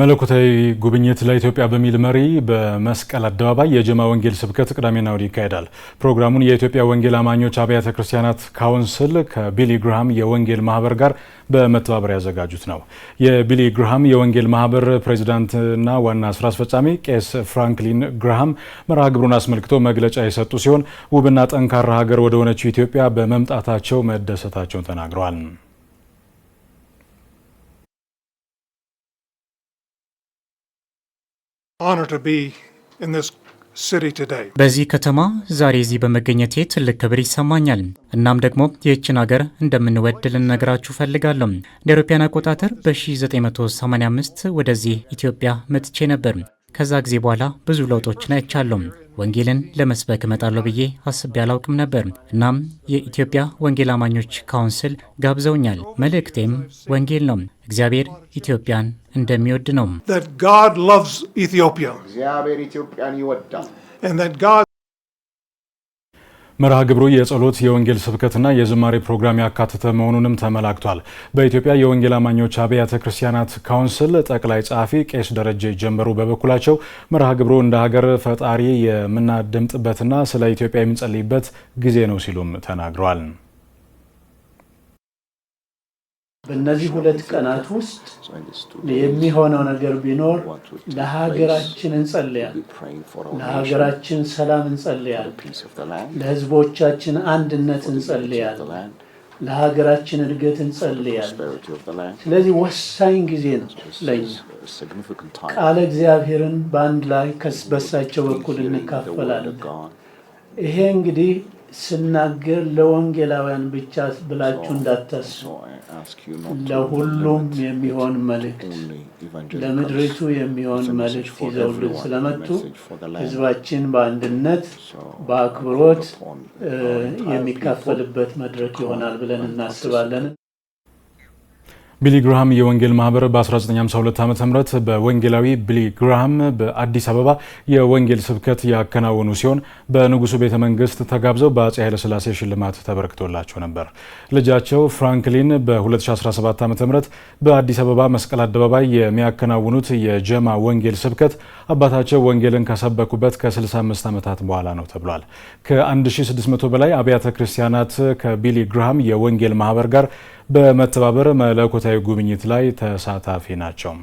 መለኮታዊ ጉብኝት ለኢትዮጵያ በሚል መሪ በመስቀል አደባባይ የጀማ ወንጌል ስብከት ቅዳሜና እሁድ ይካሄዳል። ፕሮግራሙን የኢትዮጵያ ወንጌል አማኞች አብያተ ክርስቲያናት ካውንስል ከቢሊ ግርሃም የወንጌል ማህበር ጋር በመተባበር ያዘጋጁት ነው። የቢሊ ግርሃም የወንጌል ማህበር ፕሬዚዳንትና ዋና ስራ አስፈጻሚ ቄስ ፍራንክሊን ግርሃም መርሃ ግብሩን አስመልክቶ መግለጫ የሰጡ ሲሆን ውብና ጠንካራ ሀገር ወደ ሆነችው ኢትዮጵያ በመምጣታቸው መደሰታቸውን ተናግረዋል። በዚህ ከተማ ዛሬ እዚህ በመገኘቴ ትልቅ ክብር ይሰማኛል። እናም ደግሞ ይህችን ሀገር እንደምንወድ ልነግራችሁ ፈልጋለሁ። እንደ አውሮፓውያን አቆጣጠር በ1985 ወደዚህ ኢትዮጵያ መጥቼ ነበር። ከዛ ጊዜ በኋላ ብዙ ለውጦችን አይቻለሁ። ወንጌልን ለመስበክ እመጣለሁ ብዬ አስቤ አላውቅም ነበር። እናም የኢትዮጵያ ወንጌል አማኞች ካውንስል ጋብዘውኛል። መልእክቴም ወንጌል ነው። እግዚአብሔር ኢትዮጵያን እንደሚወድ ነው። እግዚአብሔር ኢትዮጵያን ይወዳል። መርሃ ግብሩ የጸሎት የወንጌል ስብከትና የዝማሬ ፕሮግራም ያካተተ መሆኑንም ተመላክቷል። በኢትዮጵያ የወንጌል አማኞች አብያተ ክርስቲያናት ካውንስል ጠቅላይ ጸሐፊ ቄስ ደረጀ ጀመሩ በበኩላቸው መርሃ ግብሩ እንደ ሀገር ፈጣሪ የምናደምጥበትና ስለ ኢትዮጵያ የምንጸልይበት ጊዜ ነው ሲሉም ተናግረዋል። በእነዚህ ሁለት ቀናት ውስጥ የሚሆነው ነገር ቢኖር ለሀገራችን እንጸልያል፣ ለሀገራችን ሰላም እንጸልያል፣ ለህዝቦቻችን አንድነት እንጸልያል፣ ለሀገራችን እድገት እንጸልያል። ስለዚህ ወሳኝ ጊዜ ነው ለኛ። ቃለ እግዚአብሔርን በአንድ ላይ በሳቸው በኩል እንካፈላለን። ይሄ እንግዲህ ስናገር ለወንጌላውያን ብቻ ብላችሁ እንዳታስቡ፣ ለሁሉም የሚሆን መልእክት፣ ለምድሪቱ የሚሆን መልእክት ይዘውልን ስለመጡ ህዝባችን በአንድነት በአክብሮት የሚካፈልበት መድረክ ይሆናል ብለን እናስባለን። ቢሊ ግራሃም የወንጌል ማህበር በ1952 ዓ ም በወንጌላዊ ቢሊ ግራሃም በአዲስ አበባ የወንጌል ስብከት ያከናወኑ ሲሆን በንጉሱ ቤተ መንግስት ተጋብዘው በአጼ ኃይለሥላሴ ሽልማት ተበርክቶላቸው ነበር። ልጃቸው ፍራንክሊን በ2017 ዓ ም በአዲስ አበባ መስቀል አደባባይ የሚያከናውኑት የጀማ ወንጌል ስብከት አባታቸው ወንጌልን ከሰበኩበት ከ65 ዓመታት በኋላ ነው ተብሏል። ከ1600 በላይ አብያተ ክርስቲያናት ከቢሊ ግራሃም የወንጌል ማህበር ጋር በመተባበር መለኮታዊ ጉብኝት ላይ ተሳታፊ ናቸው።